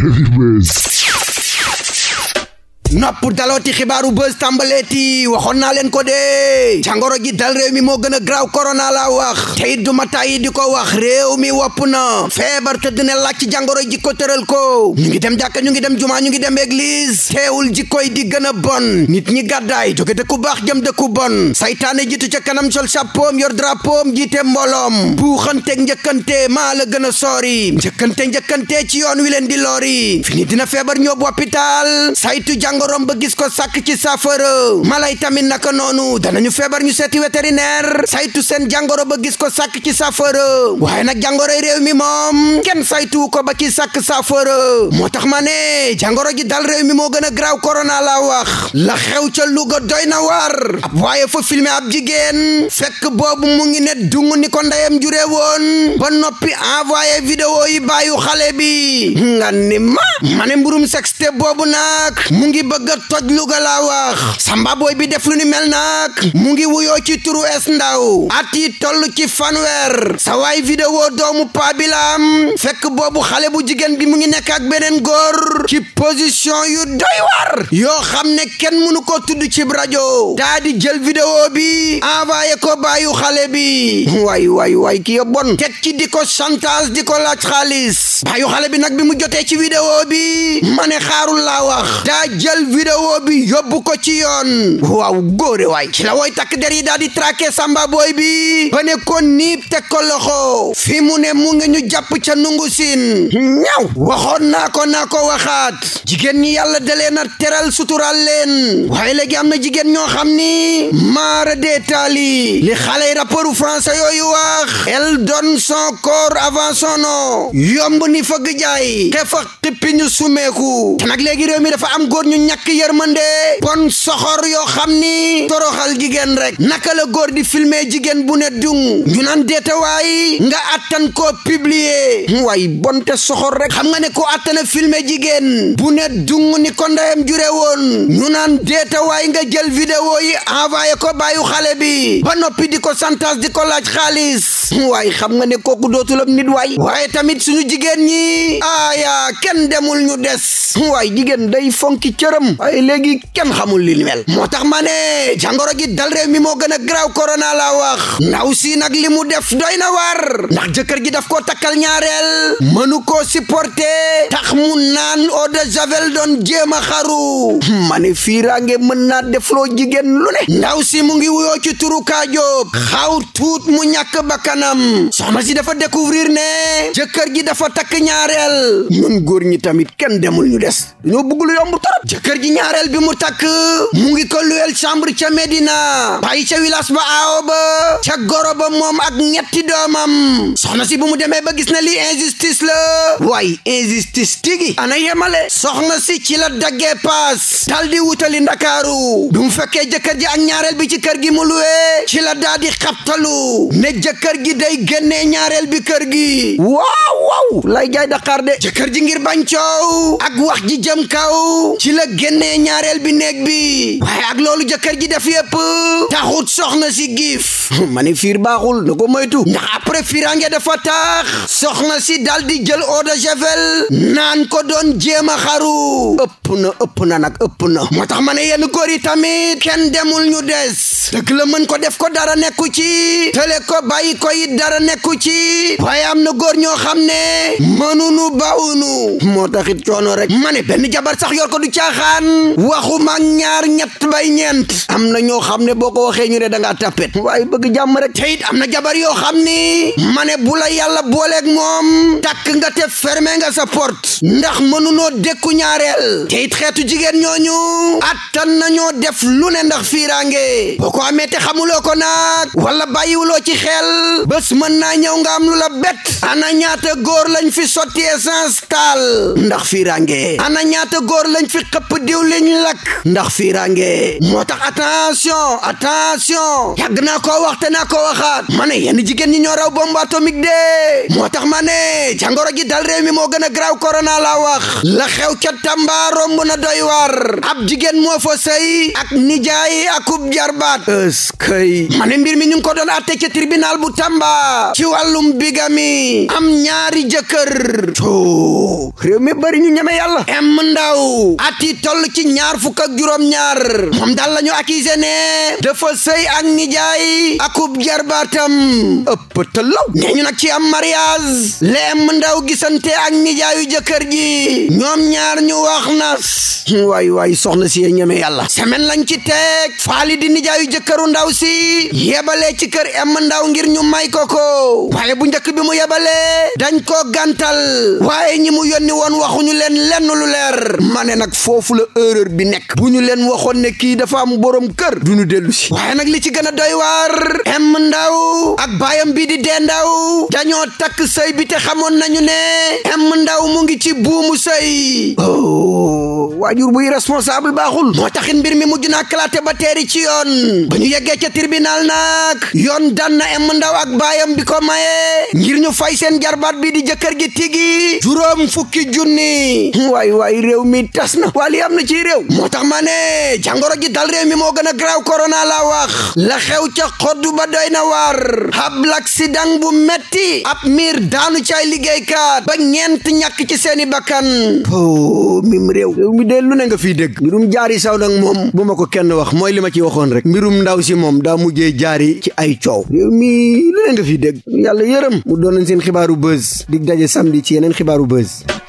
Heavyweight nopp dalooti xibaaru buzz tàmbaleeti waxoon naa leen ko dee jàngoro ji dal réew mi moo gën a graaw korona la wax te it duma tàyyi di ko wax réew mi wopp na feebar te dina laaj ci jàngoro ji ko tëral ko ñu ngi dem jàkka ñu ngi dem jumaa ñu ngi dem église teewul ji koy di gën a bon nit ñi gàddaay jóge dëkku baax jëm dëkku bon saytaane jitu ca kanam sol chapeau yor drapeau jiite mbooloom buuxante njëkkante maa la gën a soori njëkkante njëkkante ci yoon wi leen di loori dina feebar ñoobu hôpital saytu jàng jàngoroom ba gis ko sàkk ci saafara mala yi tamit naka noonu danañu feebar ñu seeti vétérinaire saytu seen jàngoro ba gis ko sàkk ci saafara nag jàngoro saytu ko ba ci sàkk saafara moo tax ma ne jàngoro ji dal réew mi moo gën a graaw corona laa wax la xew ca Louga doy na war ab waaye fa filmé ab jigéen fekk boobu mu ngi ne dung ni ko ndeyam woon ba noppi envoyé vidéo yi bàyyu xale bi nga ni ma ma mburum sexte boobu nag mu ngi bëgg a toj Louga laa wax Samba Boy bi def lu ni mel nag mu ngi wuyoo ci turu es ndaw at yi toll ci fanweer sa waay vidéo doomu paa bi la am fekk boobu xale bu jigéen bi mu ngi nekk beneen góor ci position yu doy war yoo xam ne kenn mënu ko tudd ci rajo daa di jël vidéo bi envoyé ko baayu xale bi waay way waay ki yo teg ci di ko chantage di ko laaj xaalis baayu xale bi nag bi mu jotee ci vidéo bi ma ne xaarul wax daa jël jël vidéo bi yóbbu ko ci yoon waaw góore waay ci la woy takk der yi daal di traqué samba booy bi ba ne ko niib teg ko loxo fi mu ne mu ngi ñu jàpp ca nungu siin ñaw waxoon naa ko na ko waxaat jigéen ñi yàlla dalee na teral sutural leen waaye léegi am na jigéen ñoo xam ni maara dee taali li xale yi rapportu français yooyu wax elle donne corps avant son nom yomb ni fëgg jaay te xippi ñu sumeeku te nag léegi réew mi dafa am góor ñu ñàkk yërmande pon soxor yoo xam ni toroxal jigéen rek naka la góor di filmer jigéen bu ne dung ñu naan deetawaay nga attan koo publier waay bonte soxor rek xam nga ne ko attana filmer jigéen bu ne dung ni ko ndeyam jure woon ñu naan deetawaay nga jël vidéo yi envoyé ko baayu xale bi ba noppi di ko santas di ko laaj xaalis waay xam nga ne kooku dootul am nit waay waaye tamit suñu jigéen ñi aaya kenn demul ñu des waay jigéen day fonki cërëm yaram waaye léegi kenn xamul li ni moo tax ma ne jàngoro gi dal réew mi moo gën a graw korona laa wax ndaw si nag li mu def doy na war ndax jëkkër gi daf koo takkal ñaareel mënu koo supporter tax mu naan eau de javel doon jéem a xaru hmm, ma ne fiiraange mën naa defloo jigéen lu ne ndaw si mu ngi wuyoo ci turu kaajoob xaw tuut mu ñàkk bakkanam soxna si dafa découvrir ne jëkkër gi dafa takk ñaareel ñun góor ñi tamit kenn demul ñu des ñoo bëgg lu torop kër gi ñaareel bi mu takk mu ngi ko luwel ca Medina bàyyi ca village ba aawo ba ca goro ba moom ak ñetti doomam soxna si bu mu demee ba gis na lii injustice la waaye injustice tigi ana yemale soxna si ci la daggee paas dal di wutali ndakaaru bi mu fekkee jëkkër ji ak ñaareel bi ci kër gi mu luwee ci la daa di ne jëkkër gi day génnee ñaareel bi kër gi waaw waaw lay jaay Dakar de jëkkër ji ngir bañ coow ak wax ji jëm kaw génnee ñaareel bi néeg bi waaye ak loolu jëkkër ji def yépp taxut soxna si giif mani fiir baaxul na ko moytu ndax après firange dafa tax soxna si dal di jël eau de naan ko doon jéem a xaru na ëpp na nag ëpp na moo tax ma ne yenn góor yi tamit kenn demul ñu des dëgg la mën ko def ko dara nekku ci tële ko bàyyi ko it dara nekku ci waaye am na góor ñoo xam ne mënunu bawunu moo tax it coono rek ma ne benn jabar sax yor ko du caaxaan waxuma ñaar ñett bay ñeent am na ñoo xam ne boo ko waxee ñu ne da ngaa tapet waaye bëgg jàmm rek te am na jabar yoo xam ni ma ne bu la yàlla booleeg moom takk nga te fermé nga sa porte ndax mënunoo dékku te it xeetu jigéen ñooñu attan nañoo def lu ne ndax fiiraange boo ko amee te xamuloo ko nag wala bàyyiwuloo ci xel bés mën naa ñaw nga am lu la bett ana ñaata góor lañ fi sotti essence taal ndax fiiraange ana ñaata góor lañ fi xëpp diw liñ ndax fiiraange moo tax attention attention yàgg naa koo wax te naa ko waxaat ma ne yenn jigéen ñi ñoo raw bombe atomique de moo tax ma ne jàngoro ji dal réew mi moo gën a graw corona la wax la xew ca tambaaro yomb na doy war ab moo fa sëy ak nijaay akub jarbaat ëskëy ma mbir mi ñu ngi ko doon atte ca tribunal bu Tamba ci wàllum bigami am ñaari jëkkër to réew mi bari ñu ñeme yàlla em ndaw ati toll ci ñaar fukk ak juróom ñaar moom daal la ñu accusé ne dafa sëy ak nijaay akub jarbaatam ëpp tëllaw nee ñu nag ci am mariage leem ndaw gisante ak nijaayu jëkkër ji ñoom ñaar ñu wax na Hmm, waay waay soxna si yee ñeme yàlla semaine lañ ci teg faali di nijaayu jëkkëru ndaw si yebalee ci kër em ndaw ngir ñu may koko waaye bu njëkk bi mu yebalee dañ ko gantal waaye ñi mu yónni woon waxuñu leen lenn lu leer ma nag foofu la erreur bi nekk bu ñu leen waxoon ne kii dafa am borom kër duñu dellu si waaye nag li ci gën a doy waar em ndaw ak baayam bi di dee ndaw dañoo takk sëy bi te xamoon nañu ne em ndaw mu ngi ci buumu sëy oh. waajur buy responsable baaxul moo taxit mbir mi mujj na kalaate ba teeri ci yoon ba ñu yeggee ca tribunal nag yoon daan na em ak baayam bi ko maye ngir ñu fay seen jarbaat bi di jëkkër gi tigi juróom fukki junni waay waay réew mi tas na waa li am na ci réew moo tax ma ne jàngoro ji dal réew mi moo gën a graaw korona la wax la xew ca xoddu ba doy na war ab l'accident bu metti ab miir daanu caay liggéeykat ba ñeent ñàkk ci seeni bakkan oh, mim réew réew réew mi dee lu ne nga fiy dégg mbirum jaari saw nag moom bu ma ko kenn wax mooy li ma ci waxoon rek mbirum ndaw si moom daa mujjee jaari ci ay coow réew mi lu ne nga fiy dégg yàlla yërëm mu doonoon seen xibaaru buzz dig daje samedi ci yeneen xibaaru buzz